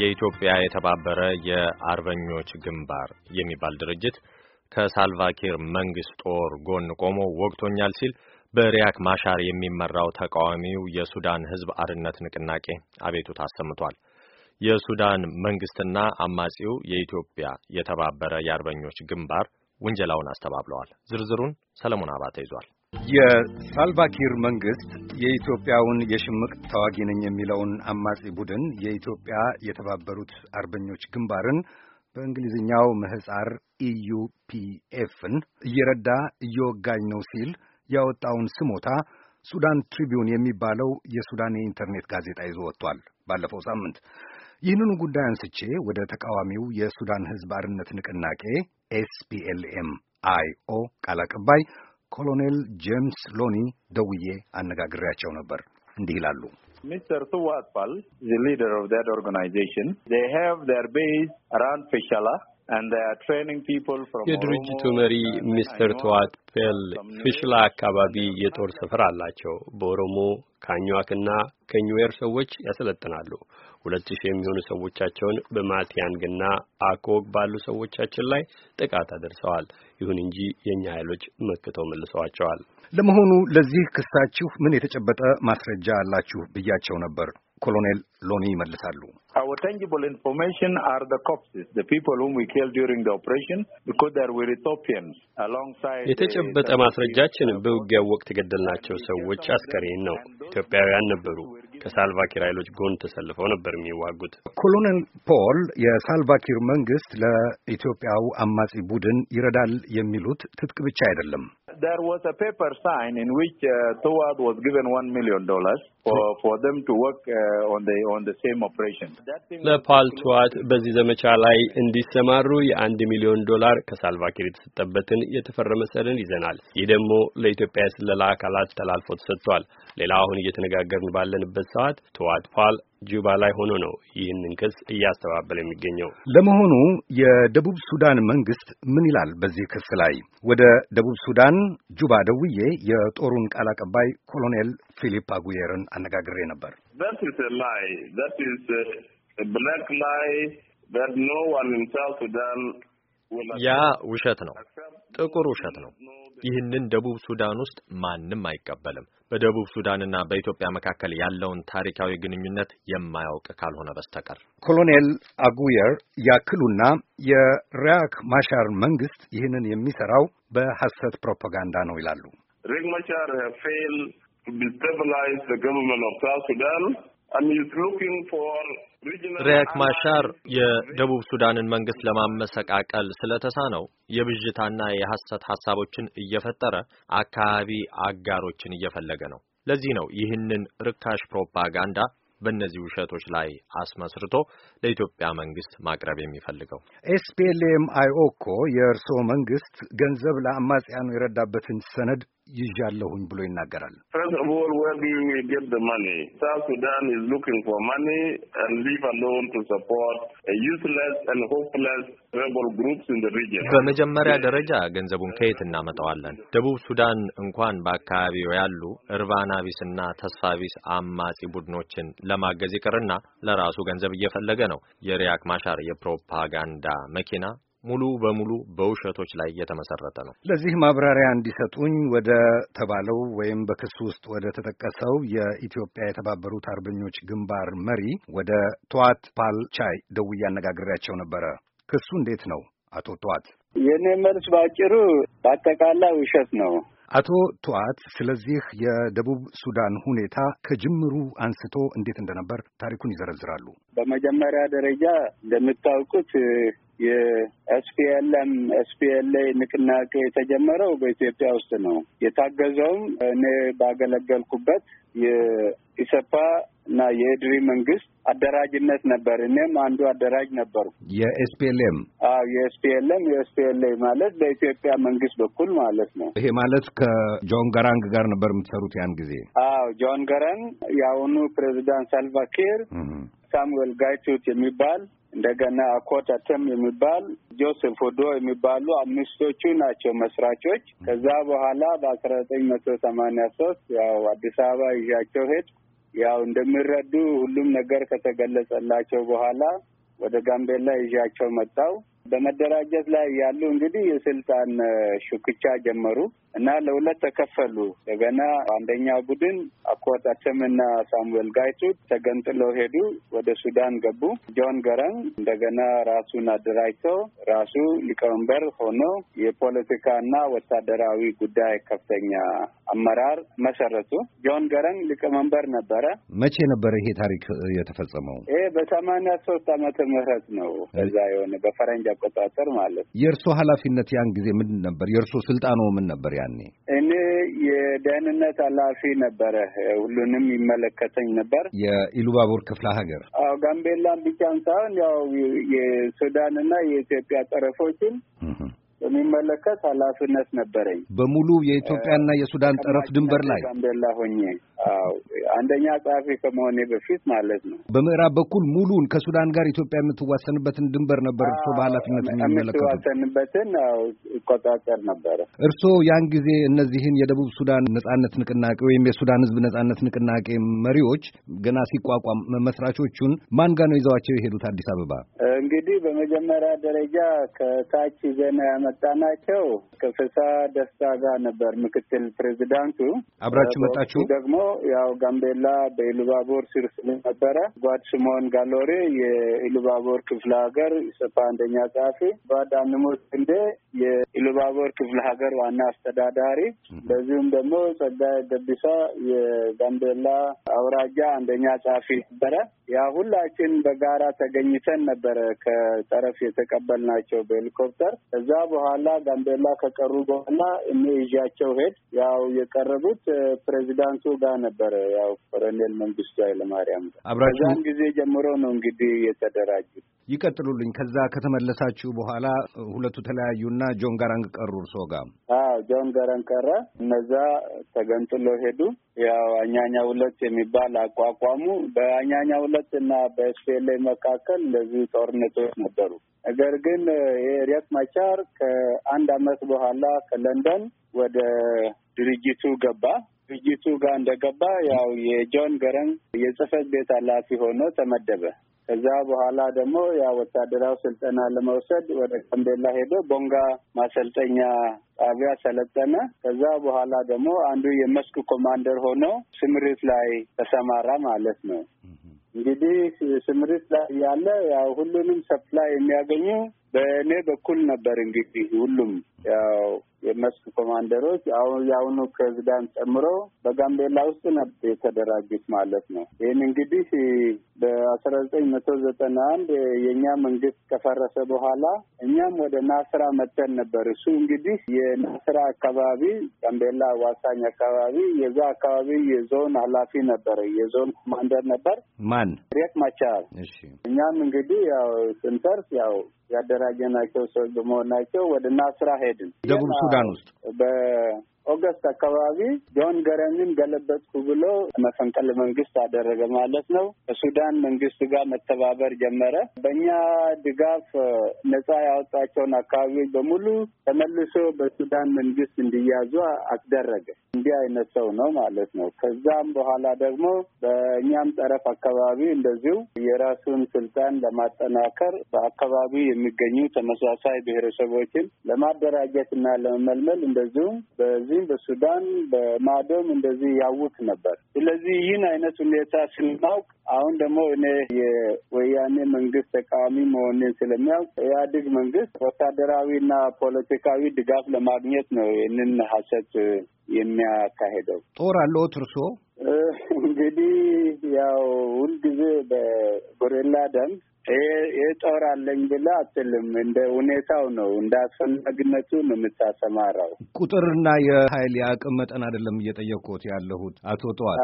የኢትዮጵያ የተባበረ የአርበኞች ግንባር የሚባል ድርጅት ከሳልቫኪር መንግስት ጦር ጎን ቆሞ ወግቶኛል ሲል በሪያክ ማሻር የሚመራው ተቃዋሚው የሱዳን ሕዝብ አርነት ንቅናቄ አቤቱታ አሰምቷል። የሱዳን መንግስትና አማጺው የኢትዮጵያ የተባበረ የአርበኞች ግንባር ውንጀላውን አስተባብለዋል። ዝርዝሩን ሰለሞን አባተ ይዟል። የሳልቫኪር መንግስት የኢትዮጵያውን የሽምቅ ተዋጊ ነኝ የሚለውን አማጺ ቡድን የኢትዮጵያ የተባበሩት አርበኞች ግንባርን በእንግሊዝኛው ምህፃር ኢዩፒኤፍን እየረዳ እየወጋኝ ነው ሲል ያወጣውን ስሞታ ሱዳን ትሪቢዩን የሚባለው የሱዳን የኢንተርኔት ጋዜጣ ይዞ ወጥቷል ባለፈው ሳምንት። ይህንኑ ጉዳይ አንስቼ ወደ ተቃዋሚው የሱዳን ህዝብ አርነት ንቅናቄ ኤስፒኤልኤም አይኦ ቃል አቀባይ ኮሎኔል ጄምስ ሎኒ ደውዬ አነጋግሬያቸው ነበር። እንዲህ ይላሉ። ሚስተር ስዋትፓል ሊደር ኦፍ ዛት ኦርጋናይዜሽን ሃቭ ዘር ቤዝ አራውንድ ፌሻላ የድርጅቱ መሪ ሚስተር ተዋት ፔል አካባቢ የጦር ሰፈር አላቸው። በኦሮሞ ካኟክና ከኙዌር ሰዎች ያሰለጥናሉ። ሁለት ሺህ የሚሆኑ ሰዎቻቸውን በማቲያንግና አኮግ ባሉ ሰዎቻችን ላይ ጥቃት አደርሰዋል። ይሁን እንጂ የእኛ ኃይሎች መክተው መልሰዋቸዋል። ለመሆኑ ለዚህ ክሳችሁ ምን የተጨበጠ ማስረጃ አላችሁ ብያቸው ነበር። ኮሎኔል ሎኒ ይመልሳሉ። our tangible information are the corpses, the people whom we killed during the operation because there were Ethiopians alongside የተጨበጠ ማስረጃችን በውጊያው ወቅት የገደልናቸው ሰዎች አስከሬን ነው። ኢትዮጵያውያን ነበሩ። ከሳልቫኪር ኃይሎች ጎን ተሰልፈው ነበር የሚዋጉት። ኮሎኔል ፖል የሳልቫኪር መንግስት ለኢትዮጵያው አማጺ ቡድን ይረዳል የሚሉት ትጥቅ ብቻ አይደለም። There was a paper sign in which uh, Towad was given one million dollars for hmm. for them to work uh, on the on the same operation. ለፓል ትዋት በዚህ ዘመቻ ላይ እንዲሰማሩ የአንድ ሚሊዮን ዶላር ከሳልቫኪር የተሰጠበትን የተፈረመ ሰነድ ይዘናል። ይህ ደግሞ ለኢትዮጵያ የስለላ አካላት ተላልፎ ተሰጥቷል። ሌላ አሁን እየተነጋገርን ባለንበት ሰዓት ትዋት ፓል ጁባ ላይ ሆኖ ነው ይህንን ክስ እያስተባበለ የሚገኘው። ለመሆኑ የደቡብ ሱዳን መንግስት ምን ይላል በዚህ ክስ ላይ? ወደ ደቡብ ሱዳን ጁባ ደውዬ የጦሩን ቃል አቀባይ ኮሎኔል ፊሊፕ አጉየርን አነጋግሬ ነበር። ያ ውሸት ነው፣ ጥቁር ውሸት ነው። ይህንን ደቡብ ሱዳን ውስጥ ማንም አይቀበልም። በደቡብ ሱዳንና በኢትዮጵያ መካከል ያለውን ታሪካዊ ግንኙነት የማያውቅ ካልሆነ በስተቀር። ኮሎኔል አጉየር ያክሉና የሪያክ ማሻር መንግስት ይህንን የሚሰራው በሐሰት ፕሮፓጋንዳ ነው ይላሉ። ሪክ ፌል ዲስታብላይዝ ዘ ገቨርንመንት ኦፍ ሳውዝ ሱዳን አንድ ኢዝ ሉኪንግ ፎር ሪያክ ማሻር የደቡብ ሱዳንን መንግስት ለማመሰቃቀል ስለተሳነው የብዥታና የሐሰት ሐሳቦችን እየፈጠረ አካባቢ አጋሮችን እየፈለገ ነው። ለዚህ ነው ይህንን ርካሽ ፕሮፓጋንዳ በእነዚህ ውሸቶች ላይ አስመስርቶ ለኢትዮጵያ መንግስት ማቅረብ የሚፈልገው። ኤስፒኤልኤም አይኦ እኮ የእርስዎ መንግስት ገንዘብ ለአማጽያኑ የረዳበትን ሰነድ ይዣለሁኝ ብሎ ይናገራል። በመጀመሪያ ደረጃ ገንዘቡን ከየት እናመጣዋለን? ደቡብ ሱዳን እንኳን በአካባቢው ያሉ እርባና ቢስና ተስፋ ቢስ አማጺ ቡድኖችን ለማገዝ ይቅርና ለራሱ ገንዘብ እየፈለገ ነው። የሪያክ ማሻር የፕሮፓጋንዳ መኪና ሙሉ በሙሉ በውሸቶች ላይ የተመሰረተ ነው። ለዚህ ማብራሪያ እንዲሰጡኝ ወደ ተባለው ወይም በክሱ ውስጥ ወደ ተጠቀሰው የኢትዮጵያ የተባበሩት አርበኞች ግንባር መሪ ወደ ተዋት ፓል ቻይ ደውዬ አነጋግሬያቸው ነበረ። ክሱ እንዴት ነው አቶ ተዋት? የእኔ መልስ በአጭሩ በአጠቃላይ ውሸት ነው። አቶ ተዋት ስለዚህ የደቡብ ሱዳን ሁኔታ ከጅምሩ አንስቶ እንዴት እንደነበር ታሪኩን ይዘረዝራሉ። በመጀመሪያ ደረጃ እንደምታውቁት የኤስፒኤልኤም ኤስፒኤልኤ ንቅናቄ የተጀመረው በኢትዮጵያ ውስጥ ነው። የታገዘውም እኔ ባገለገልኩበት የኢሰፓ እና የኤድሪ መንግስት አደራጅነት ነበር። እኔም አንዱ አደራጅ ነበሩ። የኤስፒኤልኤም አዎ፣ የኤስፒኤልኤም የኤስፒኤልኤ ማለት በኢትዮጵያ መንግስት በኩል ማለት ነው። ይሄ ማለት ከጆን ገራንግ ጋር ነበር የምትሰሩት ያን ጊዜ? አዎ፣ ጆን ገራንግ፣ የአሁኑ ፕሬዚዳንት ሳልቫኪር፣ ሳሙኤል ጋይቱት የሚባል እንደገና አኮተተም የሚባል ጆሴፍ ሆዶ የሚባሉ አምስቶቹ ናቸው መስራቾች። ከዛ በኋላ በአስራ ዘጠኝ መቶ ሰማኒያ ሶስት ያው አዲስ አበባ ይዣቸው ሄድ ያው እንደሚረዱ ሁሉም ነገር ከተገለጸላቸው በኋላ ወደ ጋምቤላ ይዣቸው መጣው። በመደራጀት ላይ ያሉ እንግዲህ የስልጣን ሹክቻ ጀመሩ። እና ለሁለት ተከፈሉ። እንደገና አንደኛ ቡድን አኮት አቸምና ሳሙኤል ጋይቱ ተገንጥለው ሄዱ፣ ወደ ሱዳን ገቡ። ጆን ገረን እንደገና ራሱን አደራጅቶ ራሱ ሊቀመንበር ሆኖ የፖለቲካና ወታደራዊ ጉዳይ ከፍተኛ አመራር መሰረቱ። ጆን ገረን ሊቀመንበር ነበረ። መቼ ነበረ ይሄ ታሪክ የተፈጸመው? ይሄ በሰማንያ ሶስት ዓመተ ምህረት ነው። እዛ የሆነ በፈረንጅ አቆጣጠር ማለት የእርሶ ኃላፊነት ያን ጊዜ ምን ነበር? የእርሶ ስልጣኖ ምን ነበር? ያኔ? እኔ የደህንነት ኃላፊ ነበረ። ሁሉንም ይመለከተኝ ነበር። የኢሉባቦር ክፍለ ሀገር አዎ፣ ጋምቤላን ብቻን ሳይሆን ያው የሱዳንና የኢትዮጵያ ጠረፎችን የሚመለከት ኃላፊነት ነበረኝ በሙሉ የኢትዮጵያና የሱዳን ጠረፍ ድንበር ላይ ጋምቤላ ሆኜ አንደኛ ጸሐፊ ከመሆኔ በፊት ማለት ነው። በምዕራብ በኩል ሙሉን ከሱዳን ጋር ኢትዮጵያ የምትዋሰንበትን ድንበር ነበር እርሶ በኃላፊነት የምትዋሰንበትን ይቆጣጠር ነበረ። እርሶ ያን ጊዜ እነዚህን የደቡብ ሱዳን ነጻነት ንቅናቄ ወይም የሱዳን ህዝብ ነጻነት ንቅናቄ መሪዎች ገና ሲቋቋም መስራቾቹን ማን ጋር ነው ይዘዋቸው የሄዱት አዲስ አበባ? እንግዲህ በመጀመሪያ ደረጃ ከታች ዘና ያመጣናቸው ከፍሳ ደስታ ጋር ነበር ምክትል ፕሬዚዳንቱ። አብራችሁ መጣችሁ? ደግሞ ያው ጋምቤላ በኢሉባቦር ስር ስለነበረ ጓድ ስምኦን ጋሎሬ የኢሉባቦር ክፍለ ሀገር ኢሰፓ አንደኛ ጸሐፊ፣ ጓድ አንሙት እንዴ የኢሉባቦር ክፍለ ሀገር ዋና አስተዳዳሪ፣ በዚሁም ደግሞ ጸጋይ ገቢሳ የጋምቤላ አውራጃ አንደኛ ጸሐፊ ነበረ። ያ ሁላችን በጋራ ተገኝተን ነበረ ከጠረፍ የተቀበልናቸው በሄሊኮፕተር። እዛ በኋላ በኋላ ጋምቤላ ከቀሩ በኋላ እኔ ይዣቸው ሄድ። ያው የቀረቡት ፕሬዚዳንቱ ጋር ነበረ፣ ያው ኮሎኔል መንግስቱ ኃይለማርያም ጋር አብራዛን ጊዜ ጀምሮ ነው እንግዲህ የተደራጁት። ይቀጥሉልኝ። ከዛ ከተመለሳችሁ በኋላ ሁለቱ ተለያዩና ጆን ጋራንግ ቀሩ እርሶ ጋር? አዎ ጆን ጋራንግ ቀረ። እነዛ ተገንጥሎ ሄዱ። ያው አኛኛ ሁለት የሚባል አቋቋሙ። በአኛኛ ሁለት እና በኤስፒኤልኤ መካከል እንደዚህ ጦርነቶች ነበሩ። ነገር ግን የሪያት ማቻር ከአንድ አመት በኋላ ከለንደን ወደ ድርጅቱ ገባ። ድርጅቱ ጋር እንደገባ ያው የጆን ገረን የጽህፈት ቤት ኃላፊ ሆኖ ተመደበ። ከዛ በኋላ ደግሞ ያ ወታደራዊ ስልጠና ለመውሰድ ወደ ጋምቤላ ሄዶ ቦንጋ ማሰልጠኛ ጣቢያ ሰለጠነ። ከዛ በኋላ ደግሞ አንዱ የመስክ ኮማንደር ሆኖ ስምሪት ላይ ተሰማራ ማለት ነው። እንግዲህ ስምሪት ላይ ያለ ያው ሁሉንም ሰፕላይ የሚያገኙ በእኔ በኩል ነበር እንግዲህ ሁሉም ያው የመስክ ኮማንደሮች አሁን የአሁኑ ፕሬዚዳንት ጨምሮ በጋምቤላ ውስጥ ነበር የተደራጁት ማለት ነው። ይህን እንግዲህ በአስራ ዘጠኝ መቶ ዘጠና አንድ የእኛ መንግስት ከፈረሰ በኋላ እኛም ወደ ናስራ መተን ነበር። እሱ እንግዲህ የናስራ አካባቢ ጋምቤላ ዋሳኝ አካባቢ የዛ አካባቢ የዞን ኃላፊ ነበር፣ የዞን ኮማንደር ነበር ማን ሪያክ ማቻል። እኛም እንግዲህ ያው ስንተርስ ያው ያደራጀናቸው ሰዎች በመሆናቸው ወደ ናስራ ሄድን። ደቡብ ሱዳን ውስጥ በኦገስት አካባቢ ጆን ገረንን ገለበጥኩ ብሎ መፈንቅለ መንግስት አደረገ ማለት ነው። ከሱዳን መንግስት ጋር መተባበር ጀመረ። በእኛ ድጋፍ ነጻ ያወጣቸውን አካባቢዎች በሙሉ ተመልሶ በሱዳን መንግስት እንዲያዙ አስደረገ። እንዲህ አይነት ሰው ነው ማለት ነው። ከዛም በኋላ ደግሞ በእኛም ጠረፍ አካባቢ እንደዚሁ የራሱን ስልጣን ለማጠናከር በአካባቢ የሚገኙ ተመሳሳይ ብሔረሰቦችን ለማደራጀት እና ለመመልመል እንደዚሁም በዚህም በሱዳን በማዶም እንደዚህ ያውቅ ነበር። ስለዚህ ይህን አይነት ሁኔታ ስናውቅ አሁን ደግሞ እኔ የወያኔ መንግስት ተቃዋሚ መሆንን ስለሚያውቅ ኢህአዴግ መንግስት ወታደራዊ እና ፖለቲካዊ ድጋፍ ለማግኘት ነው ይህንን ሀሰት የሚያካሄደው። ጦር አለዎት እርስዎ? እንግዲህ ያው ሁልጊዜ በጎሬላ ደንብ ይህ ጦር አለኝ ብለህ አትልም። እንደ ሁኔታው ነው፣ እንደ አስፈላጊነቱ ነው የምታሰማራው። ቁጥርና የኃይል የአቅም መጠን አይደለም እየጠየቅኩት ያለሁት አቶ ጠዋት።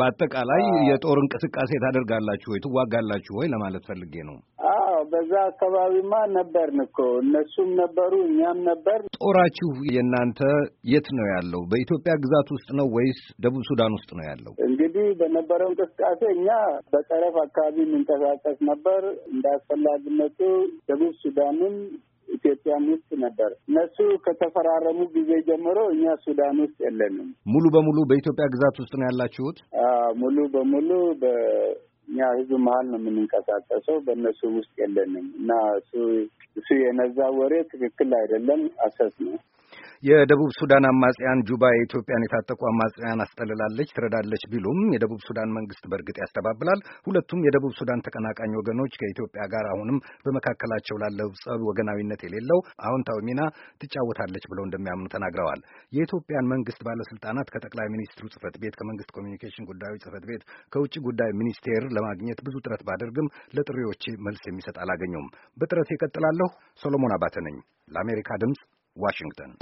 በአጠቃላይ የጦር እንቅስቃሴ ታደርጋላችሁ ወይ ትዋጋላችሁ ወይ ለማለት ፈልጌ ነው። በዛ አካባቢማ ነበርን እኮ እነሱም ነበሩ እኛም ነበር። ጦራችሁ የእናንተ የት ነው ያለው? በኢትዮጵያ ግዛት ውስጥ ነው ወይስ ደቡብ ሱዳን ውስጥ ነው ያለው? እንግዲህ በነበረው እንቅስቃሴ እኛ በጠረፍ አካባቢ የምንቀሳቀስ ነበር። እንደ አስፈላጊነቱ ደቡብ ሱዳንም ኢትዮጵያም ውስጥ ነበር። እነሱ ከተፈራረሙ ጊዜ ጀምሮ እኛ ሱዳን ውስጥ የለንም። ሙሉ በሙሉ በኢትዮጵያ ግዛት ውስጥ ነው ያላችሁት? ሙሉ በሙሉ እኛ ህዝብ መሀል ነው የምንንቀሳቀሰው፣ በእነሱ ውስጥ የለንም እና እሱ የነዛ ወሬ ትክክል አይደለም፣ አሰስ ነው። የደቡብ ሱዳን አማጽያን ጁባ የኢትዮጵያን የታጠቁ አማጽያን አስጠልላለች፣ ትረዳለች ቢሉም የደቡብ ሱዳን መንግስት በእርግጥ ያስተባብላል። ሁለቱም የደቡብ ሱዳን ተቀናቃኝ ወገኖች ከኢትዮጵያ ጋር አሁንም በመካከላቸው ላለው ጸብ ወገናዊነት የሌለው አዎንታዊ ሚና ትጫወታለች ብለው እንደሚያምኑ ተናግረዋል። የኢትዮጵያን መንግስት ባለስልጣናት ከጠቅላይ ሚኒስትሩ ጽህፈት ቤት፣ ከመንግስት ኮሚኒኬሽን ጉዳዮች ጽህፈት ቤት፣ ከውጭ ጉዳይ ሚኒስቴር ለማግኘት ብዙ ጥረት ባደርግም ለጥሪዎቼ መልስ የሚሰጥ አላገኘውም። በጥረት ይቀጥላለሁ። ሶሎሞን አባተ ነኝ ለአሜሪካ ድምፅ ዋሽንግተን